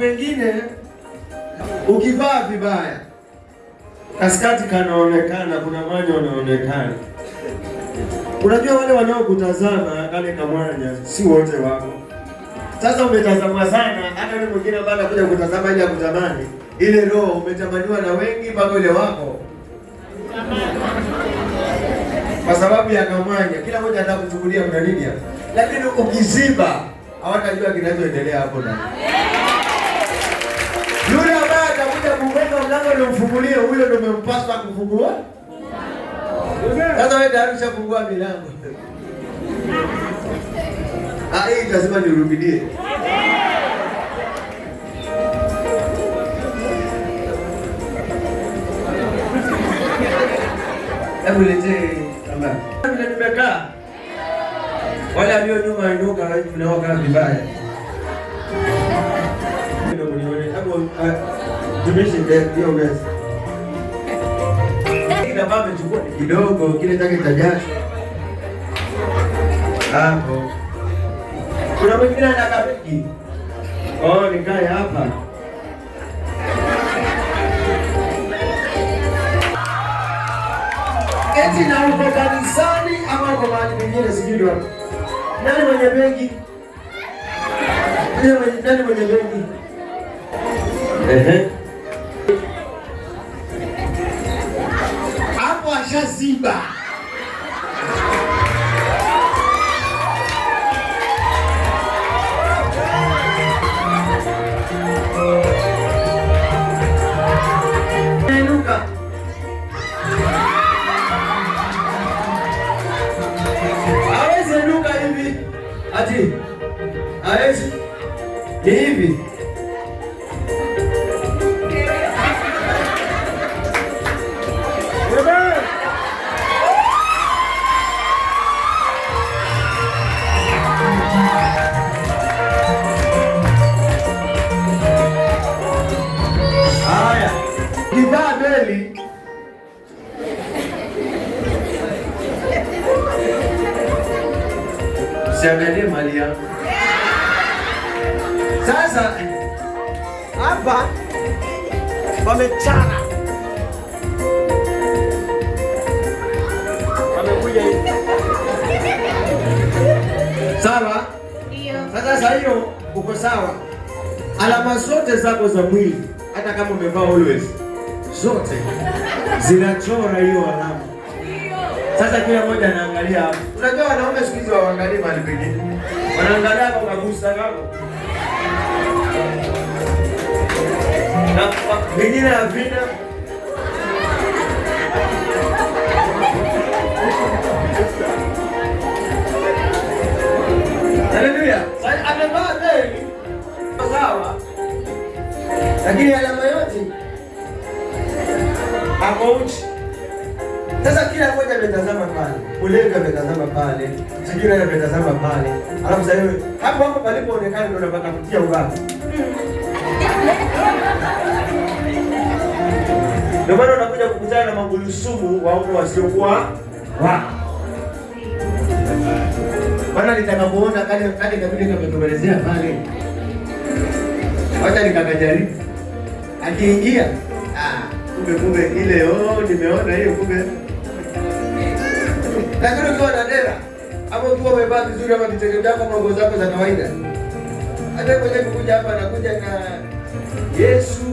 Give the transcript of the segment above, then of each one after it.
pengine ukivaa vibaya, kaskati kanaonekana, kuna mwanya unaonekana. Unajua wale wanaokutazama kale kamwanya si wote wako. Sasa umetazamwa sana, hata ni mwingine ambaye anakuja kutazama ili akutamani, kutamani ile roho umetamaniwa na wengi mpaka ule wako kwa sababu ya kamwanya, kila mmoja kuchukulia kuna nini hapa, lakini ukiziba hawatajua kinachoendelea hapo ndani kufunga mlango ulimfungulia huyo ndio umempaswa kufungua. Sasa wewe tayari ushafungua milango. Ah, hii lazima nirudie. Hebu lete kamba. Vile nimekaa. Wale walio nyuma ndoka wao vibaya. Hebu Tumishi ndio meza. Kile baba amechukua kidogo, kile chake cha jana. Hapo. Kuna mwingine ana kabiki. Oh, nikae hapa. Eti na uko kanisani ama uko mahali pengine sijui wapi. Nani mwenye begi? Nani mwenye begi? Ehe. Zanzibar. Sasa hapa wamechana, sawa. Sasa hiyo uko sawa, alama zote zako za mwili, hata kama umevaa always, zote zinachora hiyo alama. Sasa kila mmoja anaangalia hapo. Unajua wanaume siku hizi waangalie mali pengine, wanaangalia kwa magusa yako na vingine havina lakini alama yote ako uchi. Sasa kila mmoja ametazama pale, ulevi ametazama pale, sikira ametazama pale, alafu sasa hapo hapo palipoonekana ndio unapata kutia ubaya ndio maana unakuja kukutana na magulusumu umu wasiokuwa wako. Bwana nitakapoona kale kale kabidi kametomelezea pale. Wacha nikakajari. Akiingia, ah, kumbe kumbe ile oh nimeona hiyo kumbe. Lakini ukiwa na dera, hapo ukiwa umevaa vizuri ama vitendo vyako na nguo zako za kawaida. Hata kwenye kukuja hapa anakuja na Yesu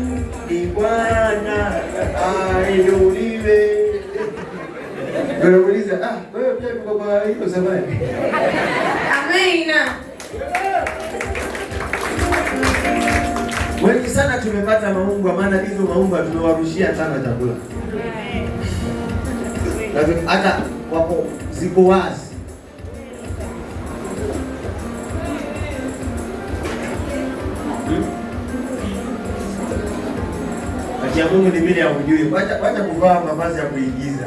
ni Bwana, ainuliwe. Unauliza, ah, pia uko kwa hiyo zamani. Amina. Wengi sana tumepata maungwa, maana hizo maungwa tumewarushia sana chakula, hata wapo ziko wazi ya Mungu ni vile ujui. Wacha kuvaa mavazi ya kuigiza.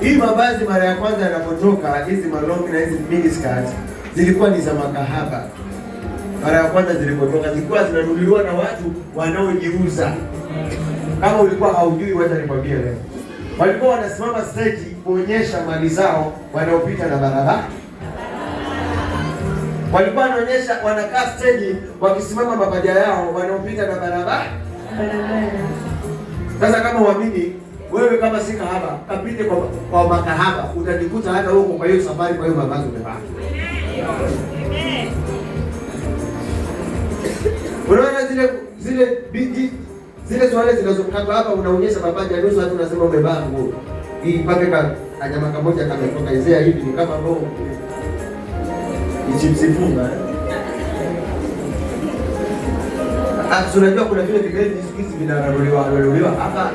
Hii mavazi mara ya kwanza yanapotoka, hizi malongi na hizi skirt zilikuwa ni za makahaba. Mara ya kwanza zilipotoka zilikuwa zinanunuliwa na watu wanaojiuza. Kama ulikuwa haujui, wacha nikwambie leo, walikuwa wanasimama stage kuonyesha mali zao wanaopita na barabara walikuwa wanaonyesha wanakaa steji wakisimama mapaja yao wanaopita na barabara. Sasa kama uamini wewe, kama si kahaba, kapite kwa, kwa makahaba, utajikuta hata huko kwa hiyo safari, kwa hiyo mavazi umevaa. Unaona zile zile biji zile swale zinazokatwa hapa, unaonyesha mapaja nusu, hata unasema umevaa nguo hii. Pake kanyama kamoja kametoka izea hivi, ni kama roho Ichipsipuna ah, unajua kuna vile siku hizi hapa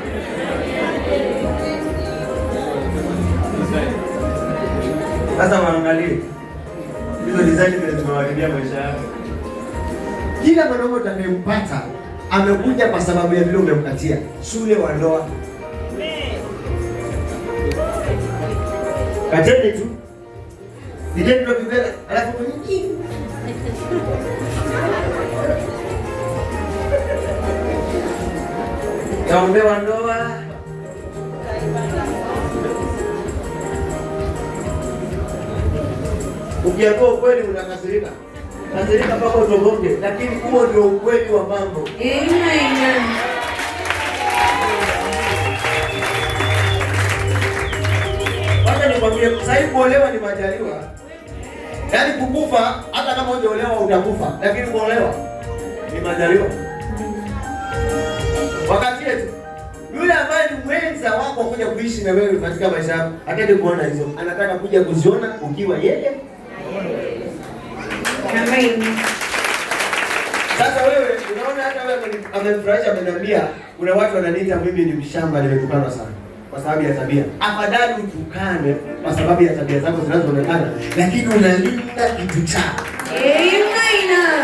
sasa, waangalie hizo design zile maisha yao. Kila mwanaume utakayempata amekuja kwa sababu ya vile umemkatia shule wa ndoa. Kateni tu Videni ndio alafu kwenye kaombewa ndoa ukiambia ukweli unakasirika kasirika mpaka utogoge, lakini huo ndio ukweli wa mambo. Wacha nikwambie, sasa kuolewa ni majaliwa. Yaani kukufa hata kama hujaolewa utakufa, lakini kuolewa ni majaliwa. Wakati yetu yule ambaye ni mwenza wako kuja kuishi na wewe katika maisha yako hataki kuona hizo, anataka kuja kuziona ukiwa yeye. Amen. Sasa wewe unaona, hata wewe amemfurahisha, ameniambia kuna watu wananiita mimi ni mshamba, nimekukanwa sana kwa sababu ya tabia. Afadhali utukane kwa sababu ya tabia zako zinazoonekana, lakini unalinda kitu chako. Amina.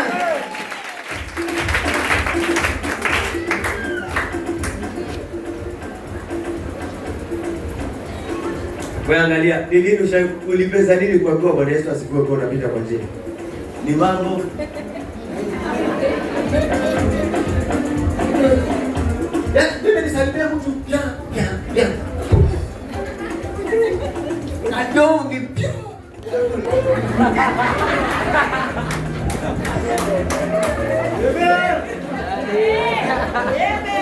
Wewe angalia, ni lini ulipeza nini kuambiwa Bwana Yesu asifiwe kwa unapita kwa njia? Ni mambo Yes, mimi nisalimia mtu jana 가벼운 게 예배! 예배!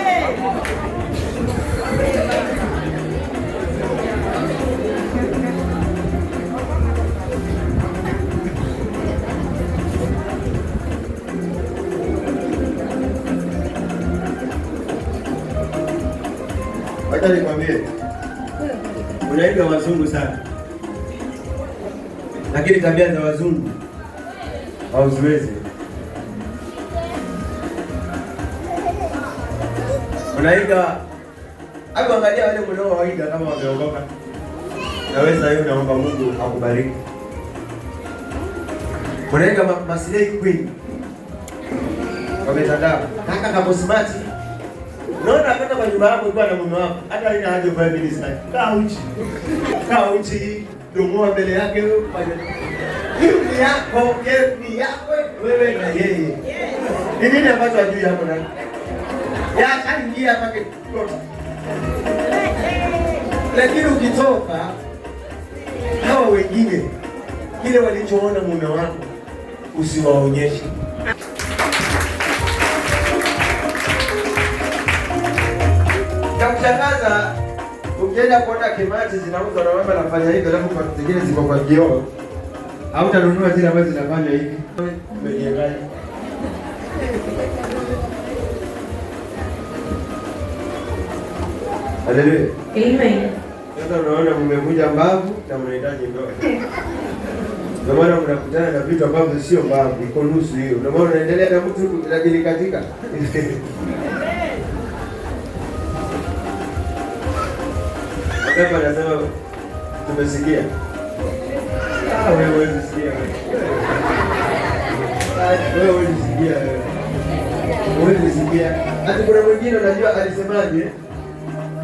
Acha nikwambie, unaiga wazungu sana, lakini tabia za wazungu hauziwezi. Unaiga hapo, angalia wale mnaowaiga kama wameokoka, naweza hiyo. Naomba Mungu akubariki. Unaiga masilei kwingi wametandaa kaka kaposmati Unaona kwa nyumba yako na mume wako, hata haja kwa Kaa uchi. Kaa uchi, mbele yake ni yako, ni yako wewe na yeye. Ni nini ambacho na? Ya pake Lakini ukitoka hawa wengine kile walichoona mume wako usiwaonyeshe. ya ukienda kuona kimati zinauzwa na mama anafanya hivi, alafu kwa zingine ziko kwa au utanunua zile ambazo zinafanya hivi. Haleluya. Amen. Sasa unaona mmekuja mbavu na mnahitaji ndoa. Ndio maana mnakutana na vitu ambavyo sio mbavu, iko nusu hiyo. Ndio maana unaendelea na mtu lakini katika Pepa anasema tumesikia. Ah, wewe wewe unasikia wewe. Wewe unasikia wewe. Wewe unasikia. kuna mwingine unajua alisemaje?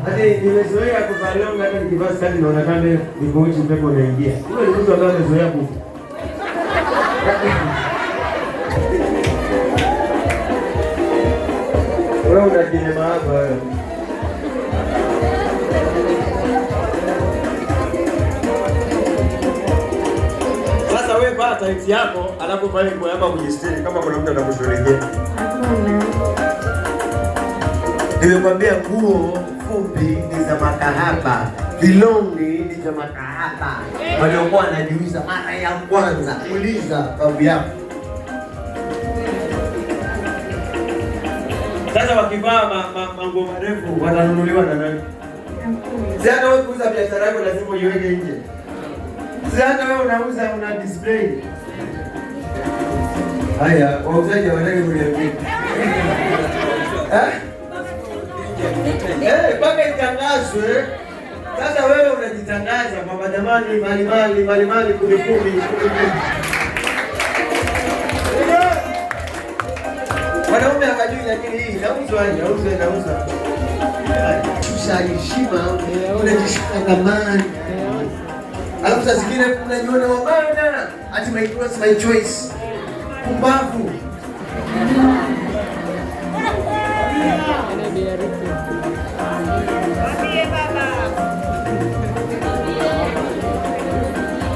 Hata nimezoea kuvaa longi hata nikivaa skati naona kama niko uchi pepo unaingia. Wewe ni mtu ambaye amezoea ku Wewe una hapa wewe. saizi yako, alafu pale kuamba kujistiri kama kuna mtu anakushughulikia. Nimekwambia nguo fupi ni za makahaba, vilongi ni za makahaba. Waliokuwa wanajiuliza mara ya kwanza, uliza babu yako. Sasa wakivaa manguo marefu watanunuliwa na nani? Sasa wewe kuuza biashara yako lazima uiweke nje. Kazi yako wewe unauza una display. Haya, wauzaji hawataki kuniambia. Eh? Eh, mpaka itangazwe. Sasa wewe unajitangaza kwamba jamani, mali mali mali mali kumi kumi Wanaume hawajui lakini hii inauzwa, inauzwa, inauzwa. Tusha heshima, unajishika thamani. Alafu saa zingine unajiona wabana, ati my choice, my choice. Kumbavu.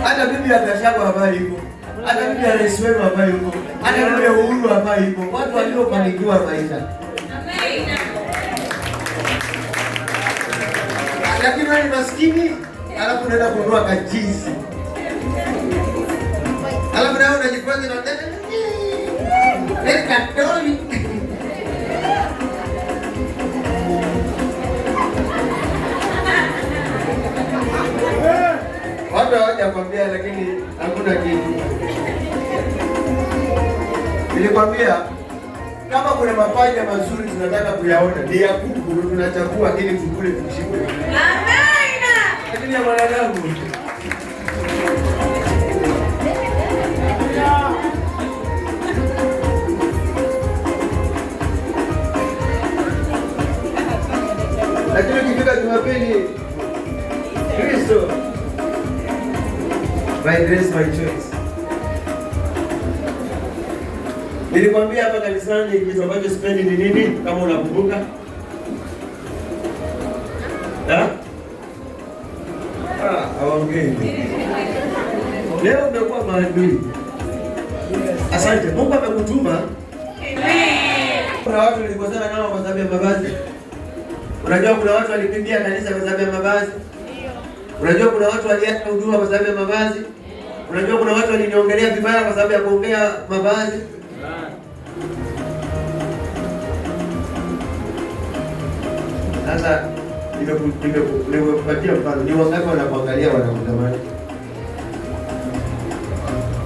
Hata bibi ya Gachagua habari hiyo. Hata bibi ya rais wenu habari hiyo. Hata bibi ya Uhuru habari hiyo. Watu waliofanikiwa maisha. Lakini wewe ni maskini alafu unaenda kununua kachizi, alafu nao unajifanya eh, eh, katoli watu hawajakwambia, lakini hakuna kitu. Nilikwambia kama kuna mapaja mazuri tunataka kuyaona ni ya kuku, tunachagua ili tukule, tushibe ah kuja mwanadamu. Lakini ukifika Jumapili, Kristo, grace, choice. Nilikwambia hapa kanisani kitu ambacho sipendi ni nini, kama unakumbuka amini. Asante, Mungu amekutuma. Kuna watu nilikosana nao kwa sababu ya mavazi. Unajua kuna watu walikimbia kanisa kwa sababu ya mavazi. Unajua kuna watu waliacha huduma kwa sababu ya mavazi. Unajua kuna watu waliniongelea vibaya kwa sababu ya kuongea mavazi. Sasa nimekupatia mfano, ni wangapi wanakuangalia wanakutamani?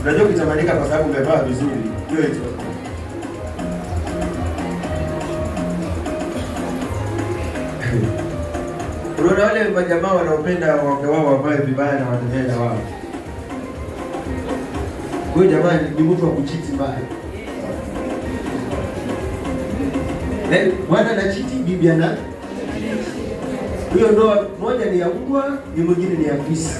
unajua kitamanika kwa sababu umevaa vizuri hiyo Unaona wale majamaa wanaopenda wake wao wavae vibaya na wanadada wao. Kwa jamaa jamani, ni mtu wa kuchiti mbaya. Eh, bwana na chiti, bibi ana huyo ndoa moja ni ya mbwa, ni mwingine ni ya fisi.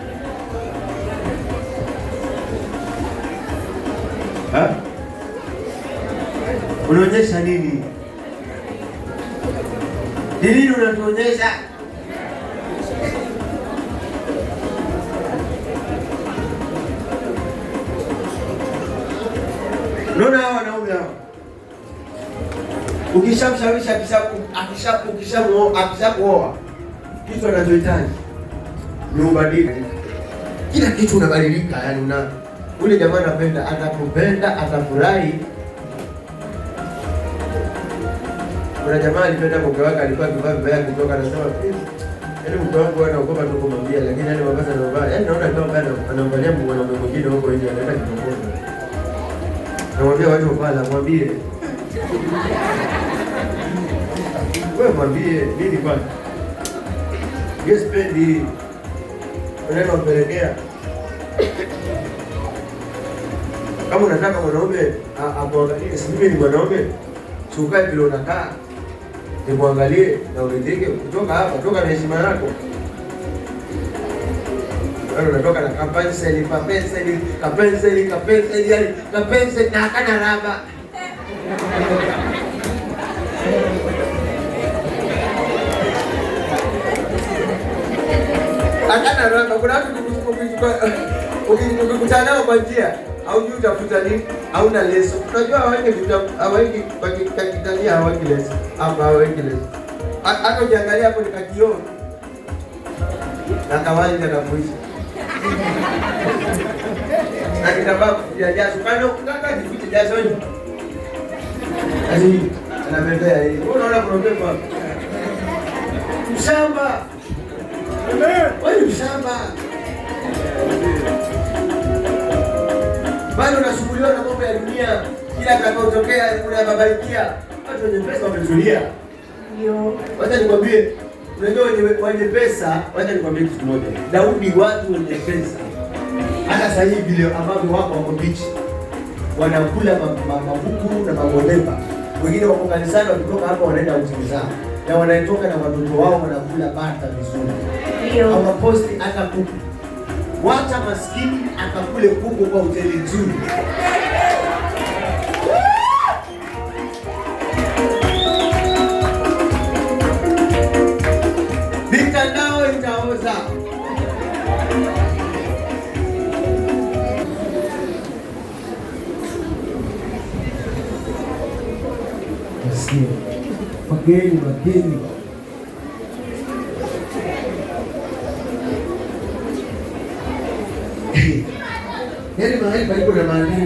unaonyesha nini? Ni nini unatuonyesha? Unaona hao wanaume hao, ukishamshawisha akishakuoa, kitu anachohitaji ni ubadilika. Kila kitu unabadilika, yani una ule jamaa anapenda, atakupenda, atafurahi kuna jamaa alipenda mke wake, alikuwa akivaa vibaya kutoka, anasema yaani mke wangu anaogopa tu kumwambia, lakini yaani mavazi anavaa, yaani naona kama mbaya, anaangalia mwanaume mwingine huko nje, anaenda kitongozi, namwambia waje pala, mwambie wewe, mwambie nini bwana, yes pendi unaenda mpelekea kama unataka mwanaume akuangalie, sijui ni mwanaume, si ukae vile unakaa nikuangalie na uridhike. Kutoka hapa, toka na heshima yako. Unatoka na kapenseli, kapenseli, kapenseli, kapenseli, yani kapenseli na kana raba akana raba. Kuna watu ukikutana nao kwa njia haujui utafuta nini, hauna leso. Unajua hawaengi katika wakikitania hawaengi leso hapa, hawaengi leso. Hata ukiangalia hapo ni kakioo na kawaida na kuishi na kitambaa kufikia jasho, kwani ukitaka nifiche jasho hiyo Azi, anapendea yaani, hii. Wewe unaona problem hapo? Mshamba. Wewe mshamba bado unashughuliwa na mambo ya dunia. Kila atakapotokea kuna mabarikia, watu wenye pesa wametulia. Ndio, wacha nikwambie, unajua wenye pesa, wacha nikwambie kitu kimoja, Daudi, watu wenye pesa hata sasa hivi leo ambavyo wako wako bichi wanakula mabuku na magoleba, wengine wako kanisani, wakitoka hapa wanaenda utimi zao na wanaetoka na watoto wao wanakula bata vizuri, hawaposti hata kuku wacha maskini akakule kuku kwa hoteli nzuri. Mitandao itaoza. Maskini wageni wageni எரி மாதிரி பைப்பிடுற மாதிரி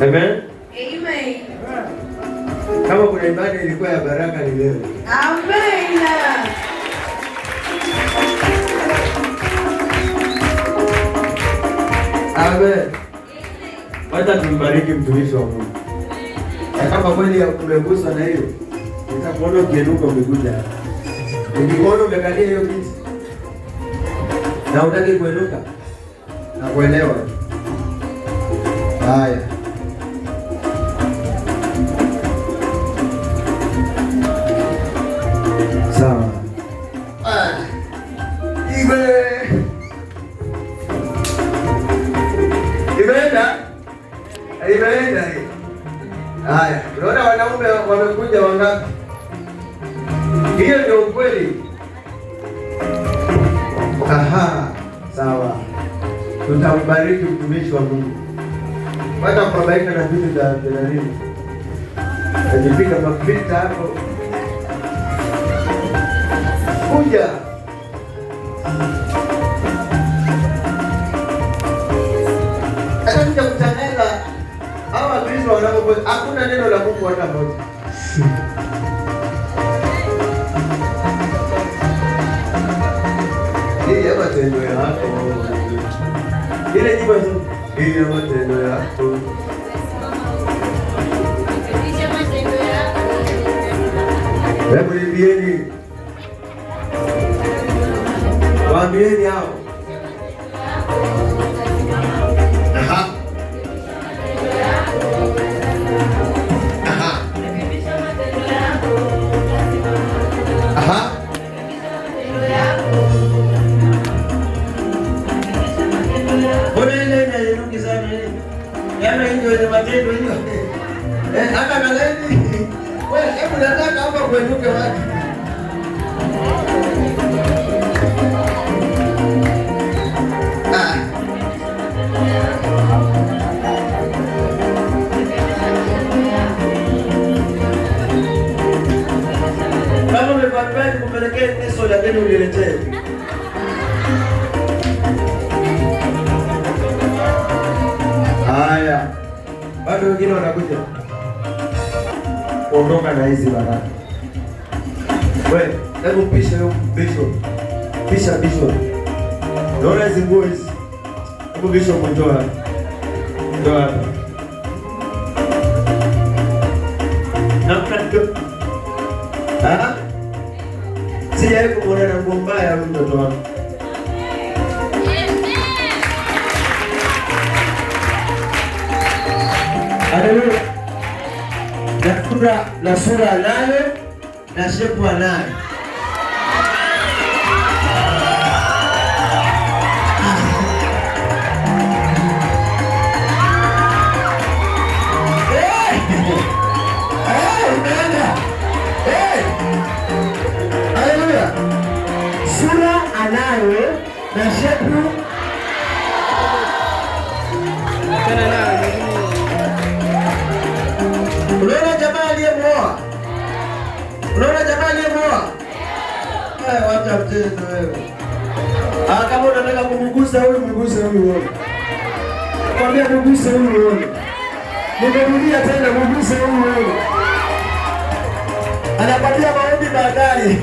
Amen. Amen. Kama kuna ibada ilikuwa ya baraka ni leo. Amen. Amen. Wacha tumbariki mtumishi wa Mungu. Kama kweli umeguswa na hiyo, nitakuona ukienuka umekuja. Ukikuona umekalia hiyo kiti na utaki kuenuka na kuelewa haya watakuja wangapi? Hiyo ndio ukweli. Aha, sawa, tutambariki mtumishi wa Mungu pata kubabaika na vitu vya janalini najipika mapita hapo kuja atakuja kutangaza hawa Wakristo wanapo, hakuna neno la Mungu hata moja. Ile matendo yako, ile Hebu niambieni, waambieni hao Dada Meleni, wewe hebu nataka hapa kuenuke wapi? Haya. Bado wengine wanakuja. ondoka na hizi baraka. Wewe, hebu pisha hiyo bishop. Pisha bishop. Naona hizi nguo hizi. Hebu bishop mtoa. Ndio hapa. Ah? Sijawahi kumwona na nguo mbaya mtoto wangu. Haleluya. kura la sura anayo na shepu ah. anayo. Sura anayo na shepu hauna mchezo wewe. Ah, kama unataka kumgusa huyu mguse huyu wewe. Kwambia mguse huyu wewe. Nimerudia tena mguse huyu wewe. Anapatia maombi baadaye.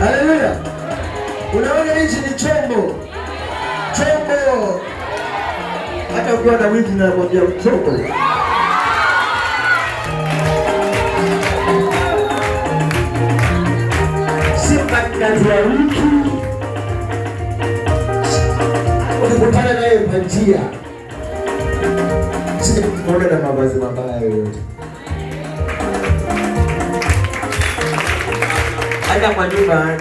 Haleluya. Unaona hichi ni chombo. Chombo. Hata ukiwa na wiki na kwambia chombo. katikati ya wiki, ukikutana naye kwa njia, sikuona na mavazi mabaya yoyote. Hata kwa nyumba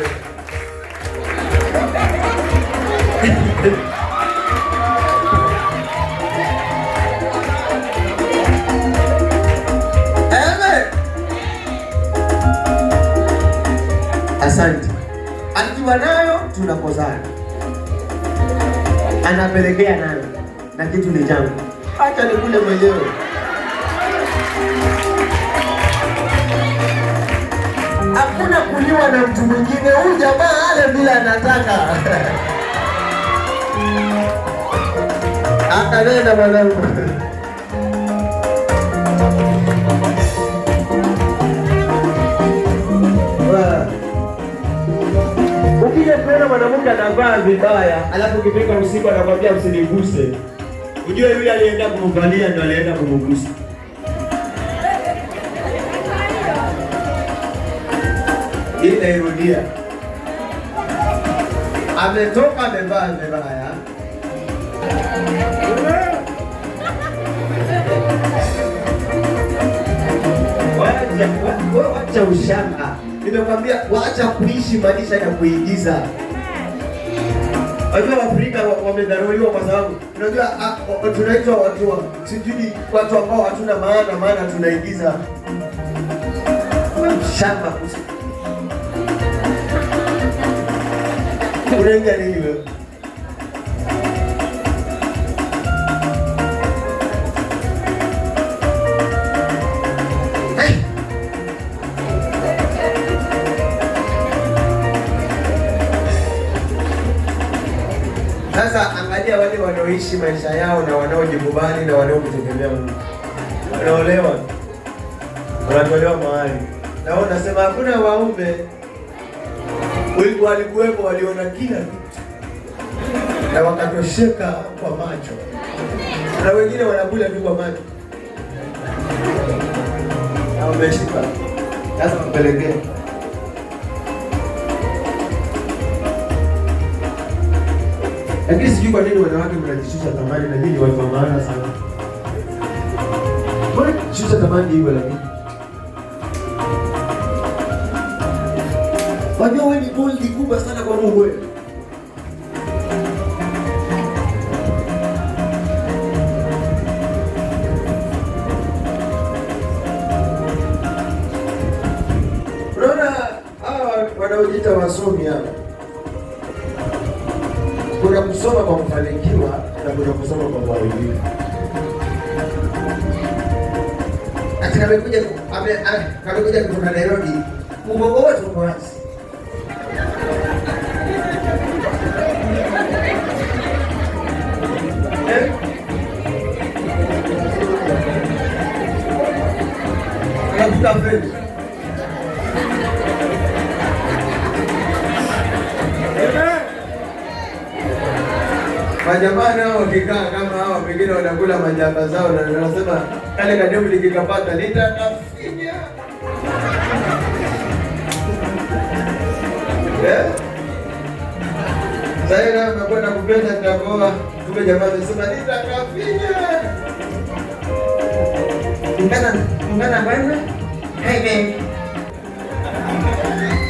anapelekea nani? Na kitu ni jambo, acha nikule mwenyewe. Hakuna kuliwa na mtu mwingine, huyu jamaa ale bila anataka. Akanena mwanangu mwanamke anavaa vibaya, alafu kipika usiku anakwambia usiniguse, ujue yule alienda kumvalia ndo alienda kumgusa. Inairudia, ametoka amevaa vibaya Wacha ushanga, nimekwambia wacha kuishi maisha ya kuigiza. Wajua Waafrika wamedharauliwa kwa sababu unajua ah, tunaitwa watu wa sijui, watu ambao hatuna maana, maana tunaigiza shamba. Unaingia nini wewe? Sasa angalia wale wanaoishi maisha yao na wanaojikubali na wanaokutegemea Mungu, wanaolewa, wanatolewa mahali na nasema hakuna waume. Walikuwepo, waliona kila kitu na wakatosheka kwa macho, na wengine wanakula tu kwa macho na wameshika. Sasa mpelekee Lakini sijui kwa nini wanawake mnajishusha thamani na nyinyi watu wa maana sana. nini kishusha thamani hiyo lakini? Wajua wewe ni bondi kubwa sana kwa Mungu wewe. Unaona hawa wanaojiita wasomi hapa kuna kusoma kwa kufanikiwa na kuna kusoma kwa kuharibika. Amekuja kutoka Nairobi, ugogo wote uko jamani, hao wakikaa kama hao pengine wanakula majamba zao, na wanasema kale kadevu likikapata litakafinya. Eh? Sasa nakwenda kupenda nitakoa kumbe jamaa amesema litakafinya. Ungana ungana bwana,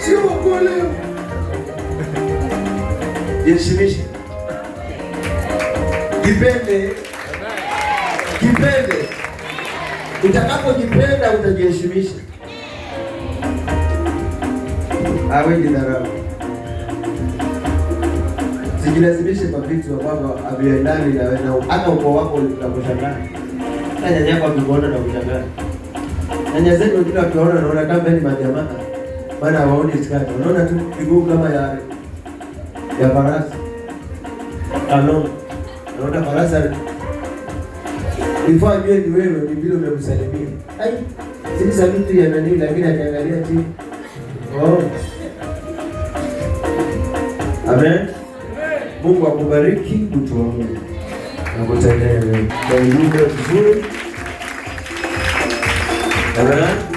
sio kule jeshimishi Jipende, jipende. Utakapojipenda utajiheshimisha. Awejidharau, ah, sijilazimishe kwa vitu ambavyo haviendani na hata ukoo wako utakushangaa, hata nyanya yako akikuona na kushangaa. Nyanya zetu wengine wakiona naona kama ni majamaa, maana hawaoni skati, unaona tu miguu kama ya ya farasi ano naona baraza before ajue ni wewe, ni vile umemsalimia silisabitu ya nani, lakini akiangalia ti oh. Amen. Mungu akubariki mtu wa Mungu na kwa ujumbe mzuri. Amen.